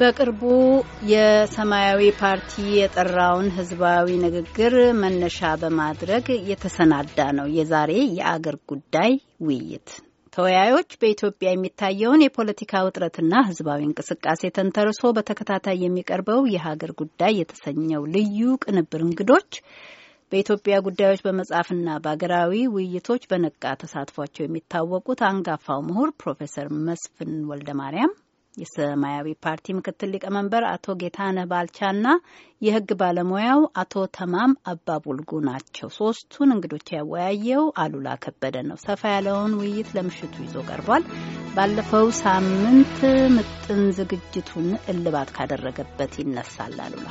በቅርቡ የሰማያዊ ፓርቲ የጠራውን ህዝባዊ ንግግር መነሻ በማድረግ የተሰናዳ ነው የዛሬ የአገር ጉዳይ ውይይት። ተወያዮች በኢትዮጵያ የሚታየውን የፖለቲካ ውጥረትና ህዝባዊ እንቅስቃሴ ተንተርሶ በተከታታይ የሚቀርበው የሀገር ጉዳይ የተሰኘው ልዩ ቅንብር እንግዶች በኢትዮጵያ ጉዳዮች በመጻፍና በሀገራዊ ውይይቶች በነቃ ተሳትፏቸው የሚታወቁት አንጋፋው ምሁር ፕሮፌሰር መስፍን ወልደ ማርያም የሰማያዊ ፓርቲ ምክትል ሊቀመንበር አቶ ጌታነህ ባልቻና የህግ ባለሙያው አቶ ተማም አባቡልጉ ናቸው። ሶስቱን እንግዶች ያወያየው አሉላ ከበደ ነው። ሰፋ ያለውን ውይይት ለምሽቱ ይዞ ቀርቧል። ባለፈው ሳምንት ምጥን ዝግጅቱን እልባት ካደረገበት ይነሳል አሉላ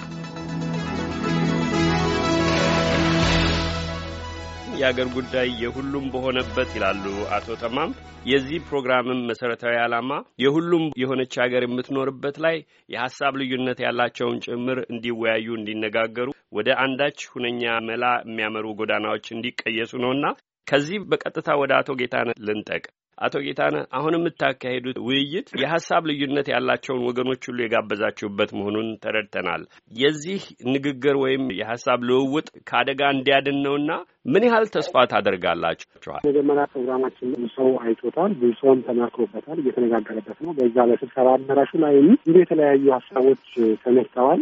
የአገር ጉዳይ የሁሉም በሆነበት ይላሉ አቶ ተማም። የዚህ ፕሮግራምም መሰረታዊ ዓላማ የሁሉም የሆነች ሀገር የምትኖርበት ላይ የሀሳብ ልዩነት ያላቸውን ጭምር እንዲወያዩ፣ እንዲነጋገሩ ወደ አንዳች ሁነኛ መላ የሚያመሩ ጎዳናዎች እንዲቀየሱ ነውና ከዚህ በቀጥታ ወደ አቶ ጌታነህ ልንጠቅ አቶ ጌታነህ አሁን የምታካሄዱት ውይይት የሀሳብ ልዩነት ያላቸውን ወገኖች ሁሉ የጋበዛችሁበት መሆኑን ተረድተናል። የዚህ ንግግር ወይም የሀሳብ ልውውጥ ከአደጋ እንዲያድን ነውና ምን ያህል ተስፋ ታደርጋላችኋል? መጀመሪያ ፕሮግራማችን ብዙ ሰው አይቶታል፣ ብዙ ሰውም ተመክሮበታል፣ እየተነጋገረበት ነው። በዛ ለስብሰባ አዳራሹ ላይ ብዙ የተለያዩ ሀሳቦች ተነስተዋል።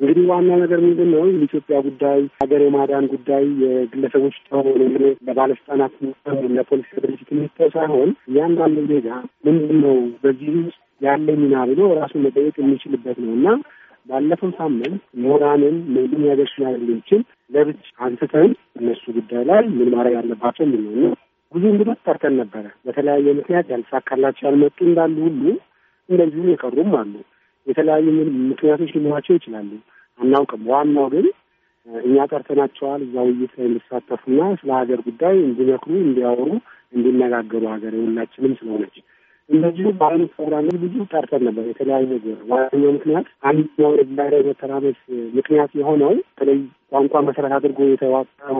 እንግዲህ ዋና ነገር ምንድን ነው? የኢትዮጵያ ጉዳይ፣ ሀገር የማዳን ጉዳይ የግለሰቦች ተው ለባለስልጣናት ለፖለቲካ ድርጅት የሚተው ሳይሆን እያንዳንዱ ዜጋ ምንድን ነው በዚህ ውስጥ ያለ ሚና ብሎ ራሱን መጠየቅ የሚችልበት ነው እና ባለፈው ሳምንት ምሁራንን ምንድን ያገር ስለሚችል ለብቻ አንስተን እነሱ ጉዳይ ላይ ምን ማድረግ አለባቸው ምን ነው። ብዙ እንግዶች ጠርተን ነበረ። በተለያየ ምክንያት ያልተሳካላቸው ያልመጡ እንዳሉ ሁሉ እንደዚሁ የቀሩም አሉ። የተለያዩ ምክንያቶች ሊኖራቸው ይችላሉ፣ አናውቅም። ዋናው ግን እኛ ጠርተናቸዋል እዛ ውይይት ላይ እንዲሳተፉና ስለ ሀገር ጉዳይ እንዲመክሩ፣ እንዲያወሩ፣ እንዲነጋገሩ ሀገር የሁላችንም ስለሆነች እንደዚሁ በአሁኑ ፕሮግራም ብዙ ጠርተን ነበር። የተለያዩ ነገር ዋነኛው ምክንያት አንደኛው የብሔራዊ መተራመስ ምክንያት የሆነው በተለይ ቋንቋ መሰረት አድርጎ የተዋቀረው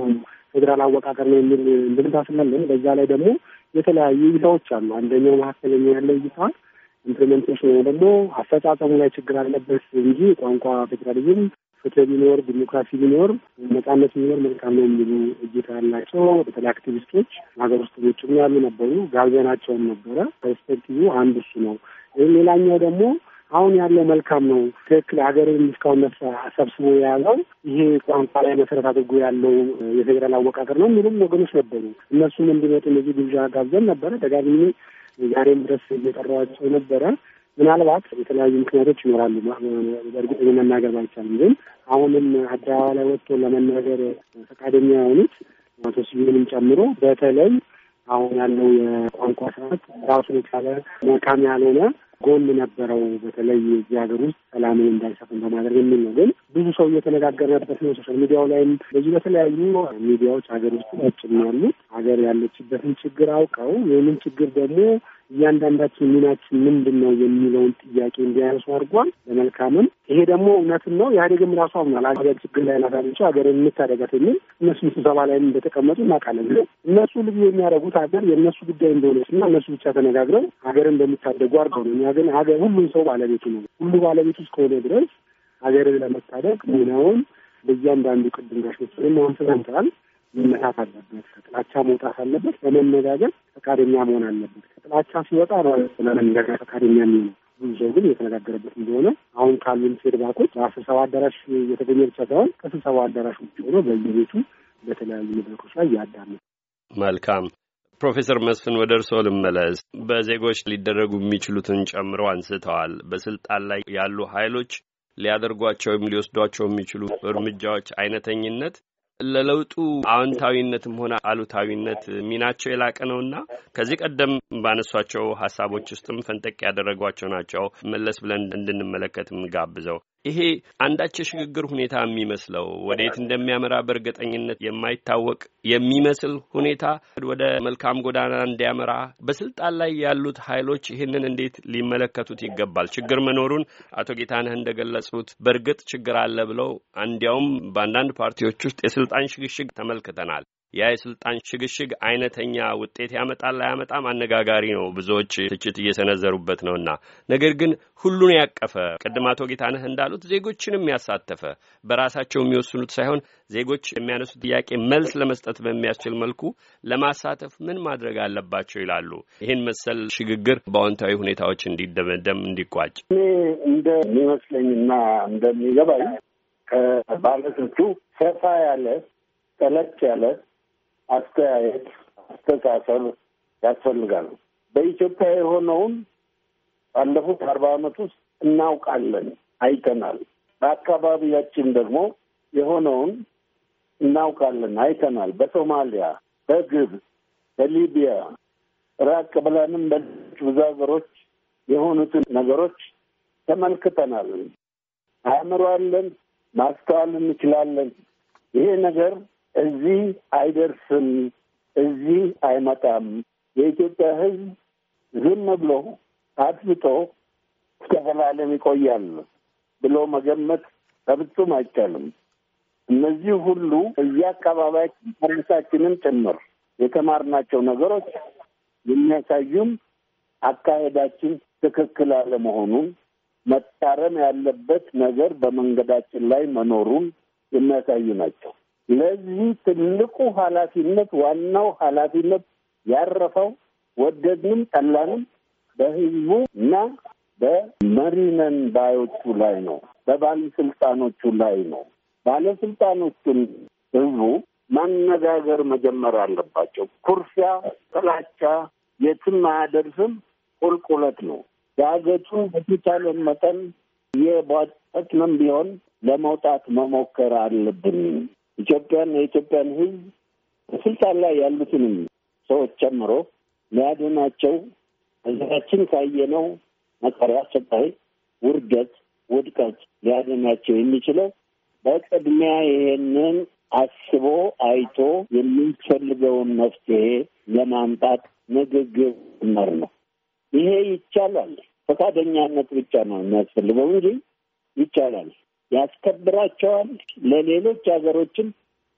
ፌዴራል አወቃቀር ነው የሚል እንድምታ ስላለን በዛ ላይ ደግሞ የተለያዩ እይታዎች አሉ። አንደኛው መካከለኛ ያለው እይታ ኢምፕሊሜንቴሽን ወይ ደግሞ አፈጻጸሙ ላይ ችግር አለበት እንጂ ቋንቋ ፌዴራሊዝም ፍትህ ቢኖር ዲሞክራሲ ቢኖር ነጻነት ቢኖር መልካም ነው የሚሉ እይታ ያላቸው በተለይ አክቲቪስቶች ሀገር ውስጥ ውጭም ያሉ ነበሩ። ጋብዘናቸውም ነበረ። ፐርስፔክቲቭ አንዱ እሱ ነው። ይህም ሌላኛው ደግሞ አሁን ያለው መልካም ነው ትክክል ሀገርን እስካሁን መስ ሰብስቦ የያዘው ይሄ ቋንቋ ላይ መሰረት አድርጎ ያለው የፌዴራል አወቃቀር ነው የሚሉም ወገኖች ነበሩ። እነሱም እንዲመጡ እነዚህ ግብዣ ጋብዘን ነበረ። ደጋግሜ ዛሬም ድረስ እየጠራቸው ነበረ። ምናልባት የተለያዩ ምክንያቶች ይኖራሉ። በእርግጥ መናገር ባይቻልም ግን አሁንም አደባባይ ላይ ወጥቶ ለመናገር ፈቃደኛ የሆኑት አቶ ስዩንም ጨምሮ በተለይ አሁን ያለው የቋንቋ ስርዓት ራሱን የቻለ መልካም ያልሆነ ጎን ነበረው። በተለይ እዚህ ሀገር ውስጥ ሰላምን እንዳይሰፍን በማድረግ የሚል ነው። ግን ብዙ ሰው እየተነጋገርንበት ነው። ሶሻል ሚዲያው ላይም በዚህ በተለያዩ ሚዲያዎች ሀገር ውስጥ ያጭም ያሉ ሀገር ያለችበትን ችግር አውቀው ይህንን ችግር ደግሞ እያንዳንዳችን ሚናችን ምንድን ነው የሚለውን ጥያቄ እንዲያነሱ አድርጓል። በመልካምም ይሄ ደግሞ እውነትም ነው። ኢህአዴግም ራሱ አምናል። ሀገር ችግር ላይ ናት አለች ሀገር የምታደጋት የሚል እነሱ ስብሰባ ላይም እንደተቀመጡ እናውቃለን። ግን እነሱ ልዩ የሚያደርጉት ሀገር የእነሱ ጉዳይ እንደሆነች እና እነሱ ብቻ ተነጋግረው ሀገርን እንደሚታደጉ አድርገው ነው። እኛ ግን ሀገር ሁሉም ሰው ባለቤቱ ነው። ሁሉ ባለቤቱ እስከሆነ ድረስ ሀገርን ለመታደግ ሚናውን በእያንዳንዱ ቅድም ጋሽ መስሎኝ አሁን መመታት አለበት፣ ከጥላቻ መውጣት አለበት። ለመነጋገር ፈቃደኛ መሆን አለበት። ከጥላቻ ሲወጣ ለመነጋገር ፈቃደኛ የሚሆነው ብዙ ሰው ግን እየተነጋገረበት እንደሆነ አሁን ካሉን ፌድባኮች በስብሰባ አዳራሽ የተገኘ ብቻ ሳይሆን ከስብሰባ አዳራሽ ውጭ ሆኖ በየቤቱ በተለያዩ መድረኮች ላይ ያዳምጥ። መልካም ፕሮፌሰር መስፍን ወደ እርስዎ ልመለስ። በዜጎች ሊደረጉ የሚችሉትን ጨምሮ አንስተዋል። በስልጣን ላይ ያሉ ኃይሎች ሊያደርጓቸው ወይም ሊወስዷቸው የሚችሉ እርምጃዎች አይነተኝነት ለለውጡ አዎንታዊነትም ሆነ አሉታዊነት ሚናቸው የላቀ ነውና ከዚህ ቀደም ባነሷቸው ሀሳቦች ውስጥም ፈንጠቅ ያደረጓቸው ናቸው። መለስ ብለን እንድንመለከት ጋብዘው። ይሄ አንዳች የሽግግር ሁኔታ የሚመስለው ወዴት እንደሚያመራ በእርግጠኝነት የማይታወቅ የሚመስል ሁኔታ ወደ መልካም ጎዳና እንዲያመራ በስልጣን ላይ ያሉት ኃይሎች ይህንን እንዴት ሊመለከቱት ይገባል? ችግር መኖሩን አቶ ጌታነህ እንደገለጹት በእርግጥ ችግር አለ ብለው እንዲያውም በአንዳንድ ፓርቲዎች ውስጥ የስልጣን ሽግሽግ ተመልክተናል። ያ የስልጣን ሽግሽግ አይነተኛ ውጤት ያመጣል አያመጣም አነጋጋሪ ነው። ብዙዎች ትችት እየሰነዘሩበት ነውና፣ ነገር ግን ሁሉን ያቀፈ ቅድም አቶ ጌታነህ እንዳሉት ዜጎችንም ያሳተፈ በራሳቸው የሚወስኑት ሳይሆን ዜጎች የሚያነሱ ጥያቄ መልስ ለመስጠት በሚያስችል መልኩ ለማሳተፍ ምን ማድረግ አለባቸው ይላሉ። ይህን መሰል ሽግግር በአዎንታዊ ሁኔታዎች እንዲደመደም እንዲቋጭ እንደሚመስለኝና እንደሚገባኝ ከባለቶቹ ሰፋ ያለ ጠለቅ ያለ አስተያየት፣ አስተሳሰብ ያስፈልጋል። በኢትዮጵያ የሆነውን ባለፉት አርባ ዓመት ውስጥ እናውቃለን፣ አይተናል። በአካባቢያችን ደግሞ የሆነውን እናውቃለን፣ አይተናል። በሶማሊያ፣ በግብፅ፣ በሊቢያ ራቅ ብለንም በሌሎች ብዙ ሀገሮች የሆኑትን ነገሮች ተመልክተናል። አእምሮ አለን፣ ማስተዋል እንችላለን። ይሄ ነገር እዚህ አይደርስም፣ እዚህ አይመጣም። የኢትዮጵያ ሕዝብ ዝም ብሎ አጥብጦ ይቆያል ብሎ መገመት በፍጹም አይቻልም። እነዚህ ሁሉ እየአካባቢያችን ራሳችንን ጭምር የተማርናቸው ነገሮች የሚያሳዩም አካሄዳችን ትክክል አለመሆኑን መታረም ያለበት ነገር በመንገዳችን ላይ መኖሩን የሚያሳዩ ናቸው። ለዚህ ትልቁ ኃላፊነት ዋናው ኃላፊነት ያረፈው ወደድንም ጠላንም በህዝቡ እና በመሪነን ባዮቹ ላይ ነው፣ በባለስልጣኖቹ ላይ ነው። ባለስልጣኖቹን ህዝቡ ማነጋገር መጀመር አለባቸው። ኩርፊያ፣ ጥላቻ የትም አያደርስም፣ ቁልቁለት ነው። ዳገቱን በተቻለን መጠን የቧጠጥንም ቢሆን ለመውጣት መሞከር አለብን። ኢትዮጵያን የኢትዮጵያን ሕዝብ በስልጣን ላይ ያሉትንም ሰዎች ጨምሮ ሊያደናቸው ህዝባችን ካየነው መከራ፣ ስቃይ፣ ውርደት፣ ውድቀት ሊያድናቸው የሚችለው በቅድሚያ ይሄንን አስቦ አይቶ የሚፈልገውን መፍትሄ ለማምጣት ንግግር መር ነው። ይሄ ይቻላል። ፈቃደኛነት ብቻ ነው የሚያስፈልገው እንጂ ይቻላል። ያስከብራቸዋል። ለሌሎች ሀገሮችም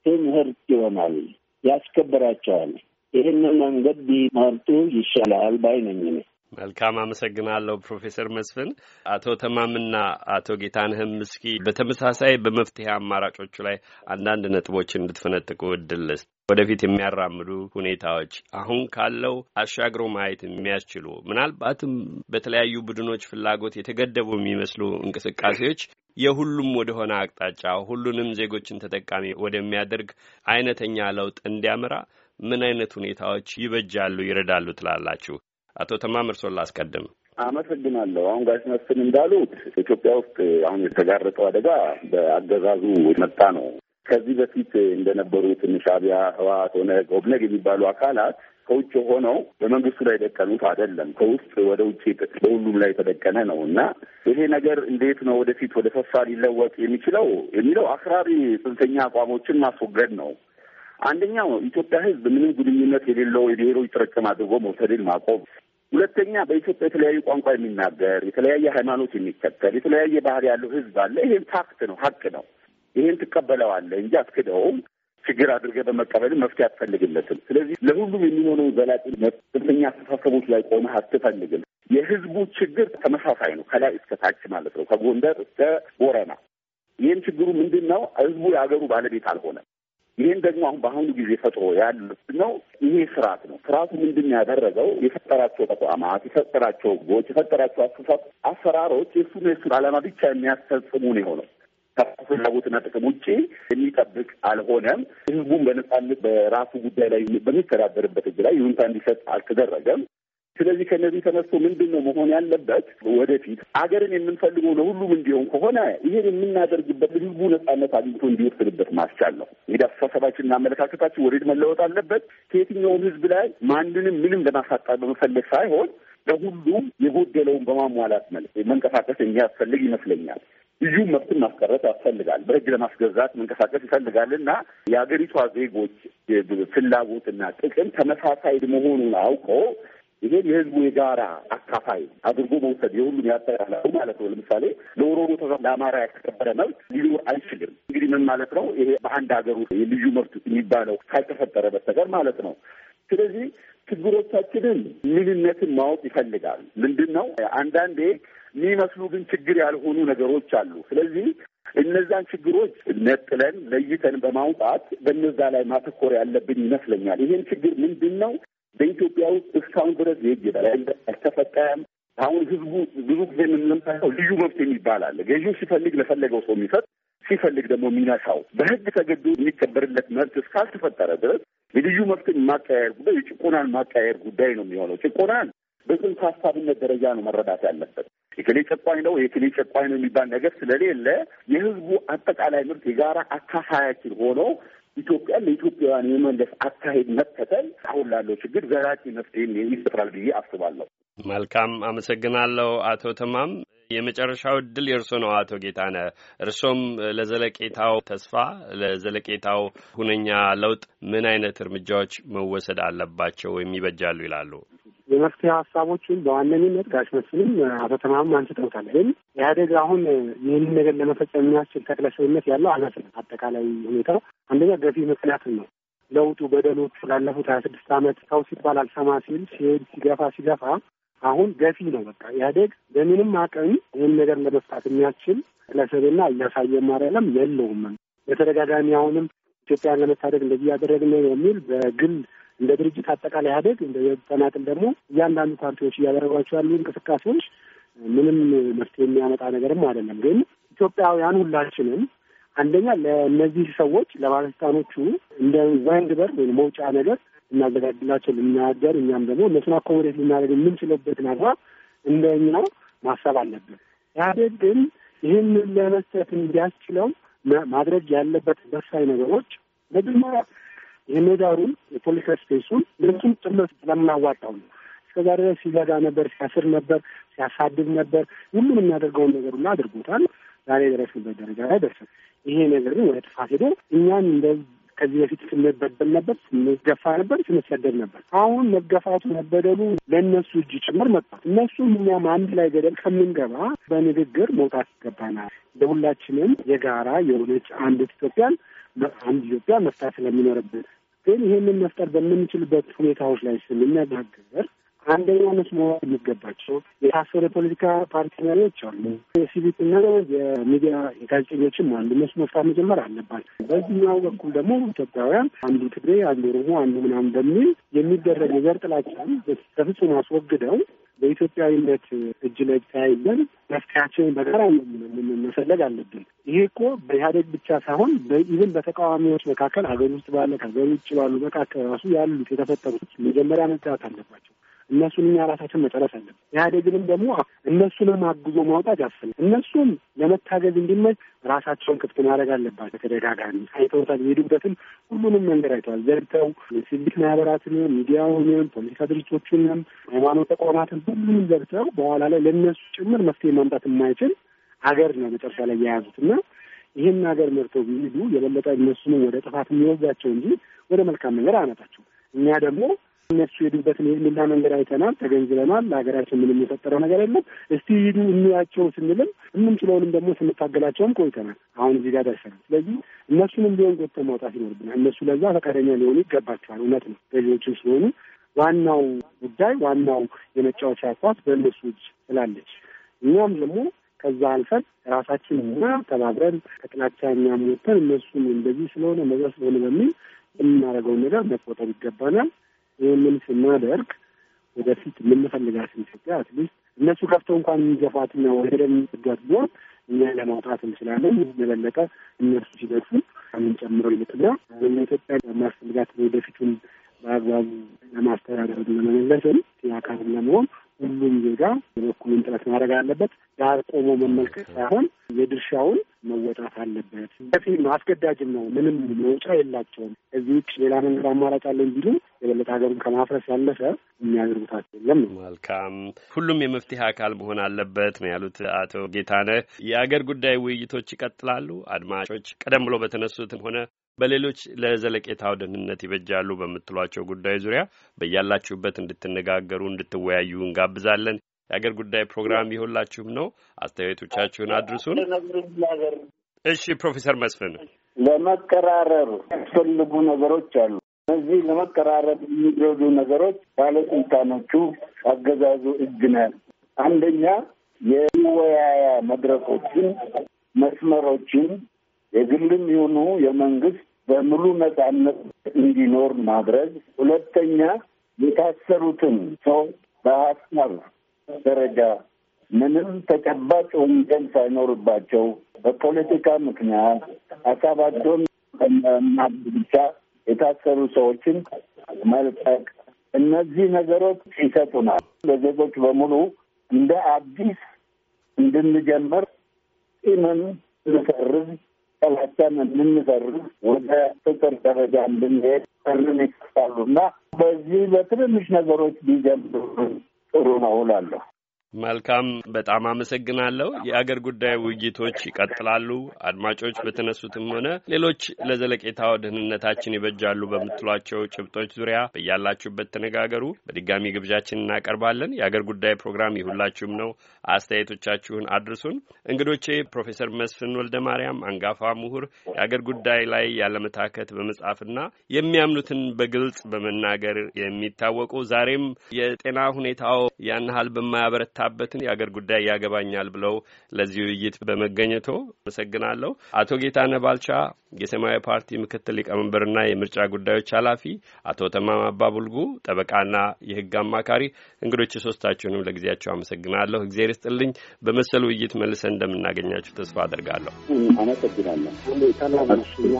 ትምህርት ይሆናል፣ ያስከብራቸዋል። ይህን መንገድ ቢመርጡ ይሻላል ባይ ነኝ። መልካም አመሰግናለሁ ፕሮፌሰር መስፍን። አቶ ተማምና አቶ ጌታንህም እስኪ በተመሳሳይ በመፍትሄ አማራጮቹ ላይ አንዳንድ ነጥቦች እንድትፈነጥቁ እድል ወደፊት የሚያራምዱ ሁኔታዎች አሁን ካለው አሻግሮ ማየት የሚያስችሉ ምናልባትም በተለያዩ ቡድኖች ፍላጎት የተገደቡ የሚመስሉ እንቅስቃሴዎች የሁሉም ወደሆነ አቅጣጫ ሁሉንም ዜጎችን ተጠቃሚ ወደሚያደርግ አይነተኛ ለውጥ እንዲያመራ ምን አይነት ሁኔታዎች ይበጃሉ፣ ይረዳሉ ትላላችሁ? አቶ ተማም እርሶን ላስቀድም። አመሰግናለሁ። አሁን ጋሽ መስፍን እንዳሉት ኢትዮጵያ ውስጥ አሁን የተጋረጠው አደጋ በአገዛዙ መጣ ነው። ከዚህ በፊት እንደነበሩት ሻዕቢያ፣ ህወሓት፣ ኦነግ፣ ኦብነግ የሚባሉ አካላት ከውጭ ሆነው በመንግስቱ ላይ የደቀኑት አይደለም። ከውስጥ ወደ ውጭ በሁሉም ላይ የተደቀነ ነው እና ይሄ ነገር እንዴት ነው ወደፊት ወደ ፈሳ ሊለወጥ የሚችለው የሚለው አክራሪ ጽንፈኛ አቋሞችን ማስወገድ ነው። አንደኛው ኢትዮጵያ ሕዝብ ምንም ግንኙነት የሌለው የብሔሮች ጥርቅም አድርጎ መውሰድን ማቆም። ሁለተኛ በኢትዮጵያ የተለያዩ ቋንቋ የሚናገር የተለያየ ሃይማኖት የሚከተል የተለያየ ባህል ያለው ሕዝብ አለ። ይሄን ፋክት ነው፣ ሀቅ ነው። ይሄን ትቀበለዋለህ እንጂ አትክደውም። ችግር አድርገህ በመቀበል መፍትሄ አትፈልግለትም። ስለዚህ ለሁሉም የሚሆነውን ዘላቂ መፍትኛ አስተሳሰቦች ላይ ቆመህ አትፈልግም። የህዝቡ ችግር ተመሳሳይ ነው፣ ከላይ እስከ ታች ማለት ነው፣ ከጎንደር እስከ ቦረና። ይህም ችግሩ ምንድን ነው? ህዝቡ የሀገሩ ባለቤት አልሆነም። ይህን ደግሞ አሁን በአሁኑ ጊዜ ፈጥሮ ያሉት ነው። ይሄ ስርዓት ነው። ስርዓቱ ምንድን ያደረገው የፈጠራቸው ተቋማት፣ የፈጠራቸው ህጎች፣ የፈጠራቸው አስተሳሰብ አሰራሮች የእሱን የእሱን ዓላማ ብቻ የሚያስፈጽሙ ነው የሆነው ከፍላጎትና ጥቅም ውጭ የሚጠብቅ አልሆነም። ህዝቡን በነፃነት በራሱ ጉዳይ ላይ በሚተዳደርበት እጅ ላይ ይሁንታ እንዲሰጥ አልተደረገም። ስለዚህ ከእነዚህ ተነስቶ ምንድን ነው መሆን ያለበት? ወደፊት አገርን የምንፈልገው ለሁሉም እንዲሆን ከሆነ ይሄን የምናደርግበት ህዝቡ ነፃነት አግኝቶ እንዲወስድበት ማስቻል ነው። እንግዲህ አስተሳሰባችንና አመለካከታችን ወደድ መለወጥ አለበት? ከየትኛውም ህዝብ ላይ ማንንም ምንም ለማሳጣት በመፈለግ ሳይሆን ለሁሉም የጎደለውን በማሟላት መልክ መንቀሳቀስ የሚያስፈልግ ይመስለኛል። ልዩ መብትን ማስቀረት ያስፈልጋል። በህግ ለማስገዛት መንቀሳቀስ ይፈልጋል እና የሀገሪቷ ዜጎች ፍላጎትና ጥቅም ተመሳሳይ መሆኑን አውቆ ይሄን የህዝቡ የጋራ አካፋይ አድርጎ መውሰድ የሁሉም ያጠቃላሉ ማለት ነው። ለምሳሌ ለኦሮሞ ተዛ ለአማራ ያልተከበረ መብት ሊኖር አይችልም። እንግዲህ ምን ማለት ነው? ይሄ በአንድ ሀገር ውስጥ የልዩ መብት የሚባለው ካልተፈጠረ በስተቀር ማለት ነው። ስለዚህ ችግሮቻችንን ምንነትን ማወቅ ይፈልጋል። ምንድን ነው አንዳንዴ የሚመስሉ ግን ችግር ያልሆኑ ነገሮች አሉ። ስለዚህ እነዛን ችግሮች ነጥለን ለይተን በማውጣት በነዛ ላይ ማተኮር ያለብን ይመስለኛል። ይህን ችግር ምንድን ነው? በኢትዮጵያ ውስጥ እስካሁን ድረስ የህግ የበላይነት አልተፈቀም። አሁን ህዝቡ ብዙ ጊዜ የምንለምሳው ልዩ መብት የሚባል አለ። ገዢው ሲፈልግ ለፈለገው ሰው የሚሰጥ ሲፈልግ ደግሞ የሚነሳው በህግ ተገዶ የሚከበርለት መብት እስካልተፈጠረ ድረስ የልዩ መብትን የማቀያየር ጉዳይ የጭቆናን ማቀያየር ጉዳይ ነው የሚሆነው። ጭቆናን በጽንሰ ሀሳብነት ደረጃ ነው መረዳት ያለበት። የክሌ ጨቋኝ ነው የክሌ ጨቋኝ ነው የሚባል ነገር ስለሌለ የህዝቡ አጠቃላይ ምርት የጋራ አካፋያችን ሆኖ ኢትዮጵያን ለኢትዮጵያውያን የመለስ አካሄድ መከተል አሁን ላለው ችግር ዘላቂ መፍትሄ ይፈጥራል ብዬ አስባለሁ። መልካም አመሰግናለሁ። አቶ ተማም የመጨረሻው እድል የእርሶ ነው። አቶ ጌታነህ እርሶም ለዘለቄታው ተስፋ ለዘለቄታው ሁነኛ ለውጥ ምን አይነት እርምጃዎች መወሰድ አለባቸው ወይም ይበጃሉ ይላሉ? የመፍትሄ ሀሳቦችን በዋነኝነት ጋሽ መስፍንም አቶ ተማም አንስተውታል። ግን ኢህአዴግ አሁን ይህንን ነገር ለመፈጸም የሚያስችል ተክለሰብነት ያለው አይመስልም። አጠቃላይ ሁኔታው አንደኛ ገፊ ምክንያትም ነው። ለውጡ በደሎቹ ላለፉት ሀያ ስድስት ዓመት ሰው ሲባል አልሰማ ሲል ሲሄድ ሲገፋ ሲገፋ አሁን ገፊ ነው። በቃ ኢህአዴግ በምንም አቅም ይህን ነገር ለመፍታት የሚያስችል ተክለሰብና እያሳየ ማርያለም የለውም። በተደጋጋሚ አሁንም ኢትዮጵያን ለመታደግ እንደዚህ ያደረግነ የሚል በግል እንደ ድርጅት አጠቃላይ ኢህአዴግ እንደ ተናጥል ደግሞ እያንዳንዱ ፓርቲዎች እያደረጓቸው ያሉ እንቅስቃሴዎች ምንም መፍትሄ የሚያመጣ ነገርም አይደለም። ግን ኢትዮጵያውያን ሁላችንም አንደኛ ለእነዚህ ሰዎች ለባለስልጣኖቹ እንደ ዋይንድ በር ወይም መውጫ ነገር እናዘጋጅላቸው ልናገር፣ እኛም ደግሞ እነሱን አኮሞዴት ልናደርግ የምንችልበትን አግባብ እንደኛ ማሰብ አለብን። ኢህአዴግ ግን ይህንን ለመስጠት እንዲያስችለው ማድረግ ያለበት በሳይ ነገሮች መጀመሪያ የሜዳሩን የፖለቲካ ስፔሱን ለሱም ጥምረት ስለምናዋጣው ነው። እስከዛ ድረስ ሲዘጋ ነበር፣ ሲያስር ነበር፣ ሲያሳድድ ነበር። ሁሉም የሚያደርገውን ነገር ሁሉ አድርጎታል። ዛሬ የደረስንበት ደረጃ ላይ ደርሰን ይሄ ነገር ግን ወደ ጥፋት ሄዶ እኛን እንደ ከዚህ በፊት ስንበደል ነበር፣ ስንገፋ ነበር፣ ስንሰደድ ነበር። አሁን መገፋቱ መበደሉ ለእነሱ እጅ ጭምር መጥቷል። እነሱም እኛም አንድ ላይ ገደል ከምንገባ በንግግር መውጣት ይገባናል። ለሁላችንም የጋራ የሆነች አንዲት ኢትዮጵያን በአንድ ኢትዮጵያ መፍታት ስለሚኖርብን ግን ይህንን መፍጠር በምንችልበት ሁኔታዎች ላይ ስንነጋገር አንደኛ መስማት የሚገባቸው የታሰሩ የፖለቲካ ፓርቲ መሪዎች አሉ። የሲቪክ የሲቪክና የሚዲያ የጋዜጠኞችም አንዱ መስመርታ መጀመር አለባት። በዚህኛው በኩል ደግሞ ኢትዮጵያውያን አንዱ ትግሬ፣ አንዱ ኦሮሞ፣ አንዱ ምናምን በሚል የሚደረግ የዘር ጥላቻን በፍጹም አስወግደው በኢትዮጵያዊነት እጅ ለእጅ ተያይዘን መፍትሄያችንን በጋራ መፈለግ አለብን። ይሄ እኮ በኢህአዴግ ብቻ ሳይሆን በኢብን በተቃዋሚዎች መካከል ሀገር ውስጥ ባለ ከሀገር ውጭ ባሉ መካከል ራሱ ያሉት የተፈጠሩት መጀመሪያ መጽት አለባቸው። እነሱን እኛ ራሳችን መጨረስ አለብን። ኢህአዴግንም ደግሞ እነሱንም አግዞ ማውጣት ያስፈልግ። እነሱም ለመታገዝ እንዲመች ራሳቸውን ክፍት ማድረግ አለባቸው። ተደጋጋሚ አይተውታል። የሄዱበትን ሁሉንም መንገድ አይተዋል። ዘግተው ሲቪክ ማህበራትንም፣ ሚዲያውንም፣ ፖለቲካ ድርጅቶችንም፣ ሃይማኖት ተቋማትን ሁሉንም ዘግተው በኋላ ላይ ለእነሱ ጭምር መፍትሄ ማምጣት የማይችል ሀገር ነው መጨረሻ ላይ የያዙት እና ይህን ሀገር መርተው ቢሄዱ የበለጠ እነሱንም ወደ ጥፋት የሚወዛቸው እንጂ ወደ መልካም ነገር አያመጣቸው። እኛ ደግሞ እነሱ የሄዱበትን የሚላ መንገድ አይተናል፣ ተገንዝበናል። ለሀገራችን ምንም የፈጠረው ነገር የለም። እስቲ ሂዱ እንያቸው ስንልም የምንችለውንም ደግሞ ስንታገላቸውም ቆይተናል። አሁን እዚህ ጋር ደርሰናል። ስለዚህ እነሱንም ቢሆን ጎትተን ማውጣት ይኖርብናል። እነሱ ለዛ ፈቃደኛ ሊሆኑ ይገባቸዋል። እውነት ነው፣ ገዢዎችም ስለሆኑ ዋናው ጉዳይ ዋናው የመጫወቻ ኳስ በእነሱ እጅ ስላለች እኛም ደግሞ ከዛ አልፈን ራሳችን እና ተባብረን ከጥላቻ እኛም ወጥተን እነሱም እንደዚህ ስለሆነ መዛ ስለሆነ በሚል የምናደርገውን ነገር መቆጠብ ይገባናል። ይህንን ስናደርግ ወደፊት የምንፈልጋትን ኢትዮጵያ አትሊስት እነሱ ከፍተው እንኳን የሚገፋትና ወደ የሚጠጋት ቢሆን እኛ ለማውጣት እንችላለን። የበለጠ እነሱ ሲደርሱ ምን ጨምረው ይልቅና ኢትዮጵያ ለማስፈልጋት ወደፊቱን በአግባቡ ለማስተዳደር ለመመለስም የአካልን ለመሆን ሁሉም ዜጋ የበኩሉን ጥረት ማድረግ አለበት። ዳር ቆሞ መመልከት ሳይሆን የድርሻውን መወጣት አለበት። በፊ አስገዳጅም ነው። ምንም መውጫ የላቸውም። እዚህ ውጭ ሌላ መንገድ አማራጭ አለን ቢሉ የበለጠ ሀገሩን ከማፍረስ ያለፈ የሚያደርጉታቸው የለም። መልካም ሁሉም የመፍትሄ አካል መሆን አለበት ነው ያሉት አቶ ጌታነህ። የአገር ጉዳይ ውይይቶች ይቀጥላሉ። አድማጮች ቀደም ብሎ በተነሱትም ሆነ በሌሎች ለዘለቄታው ደህንነት ይበጃሉ በምትሏቸው ጉዳይ ዙሪያ በያላችሁበት እንድትነጋገሩ እንድትወያዩ እንጋብዛለን። የአገር ጉዳይ ፕሮግራም ይሆላችሁም ነው። አስተያየቶቻችሁን አድርሱን። እሺ ፕሮፌሰር መስፍን ለመቀራረብ ያስፈልጉ ነገሮች አሉ። እነዚህ ለመቀራረብ የሚረዱ ነገሮች ባለስልጣኖቹ አገዛዙ እጅ ነን። አንደኛ የመወያያ መድረኮችን መስመሮችን የግልም ይሁኑ የመንግስት በሙሉ ነጻነት እንዲኖር ማድረግ፣ ሁለተኛ የታሰሩትን ሰው በሀሳብ ደረጃ ምንም ተጨባጭ ወንጀል ሳይኖርባቸው በፖለቲካ ምክንያት ሀሳባቸውን ብቻ የታሰሩ ሰዎችን መልቀቅ። እነዚህ ነገሮች ይሰጡናል። ለዜጎች በሙሉ እንደ አዲስ እንድንጀምር ምን እንሰርዝ ጥላቻን እንድንሰርዝ ወደ ፍቅር ደረጃ እንድንሄድ ጥርን እና በዚህ በትንንሽ ነገሮች ቢጀምሩ ጥሩ ነው እላለሁ። መልካም፣ በጣም አመሰግናለሁ። የአገር ጉዳይ ውይይቶች ይቀጥላሉ። አድማጮች በተነሱትም ሆነ ሌሎች ለዘለቄታው ደህንነታችን ይበጃሉ በምትሏቸው ጭብጦች ዙሪያ በያላችሁበት ተነጋገሩ። በድጋሚ ግብዣችን እናቀርባለን። የአገር ጉዳይ ፕሮግራም የሁላችሁም ነው። አስተያየቶቻችሁን አድርሱን። እንግዶቼ ፕሮፌሰር መስፍን ወልደ ማርያም አንጋፋ ምሁር፣ የአገር ጉዳይ ላይ ያለመታከት በመጻፍና የሚያምኑትን በግልጽ በመናገር የሚታወቁ ዛሬም የጤና ሁኔታው ያን ያህል በማያበረታ የበረታበትን የአገር ጉዳይ ያገባኛል ብለው ለዚህ ውይይት በመገኘቶ አመሰግናለሁ። አቶ ጌታነህ ባልቻ የሰማያዊ ፓርቲ ምክትል ሊቀመንበርና የምርጫ ጉዳዮች ኃላፊ፣ አቶ ተማም አባቡልጉ ጠበቃና የህግ አማካሪ፣ እንግዶች ሶስታችሁንም ለጊዜያቸው አመሰግናለሁ። እግዜር ይስጥልኝ። በመሰሉ ውይይት መልሰን እንደምናገኛችሁ ተስፋ አድርጋለሁ። አመሰግናለሁ።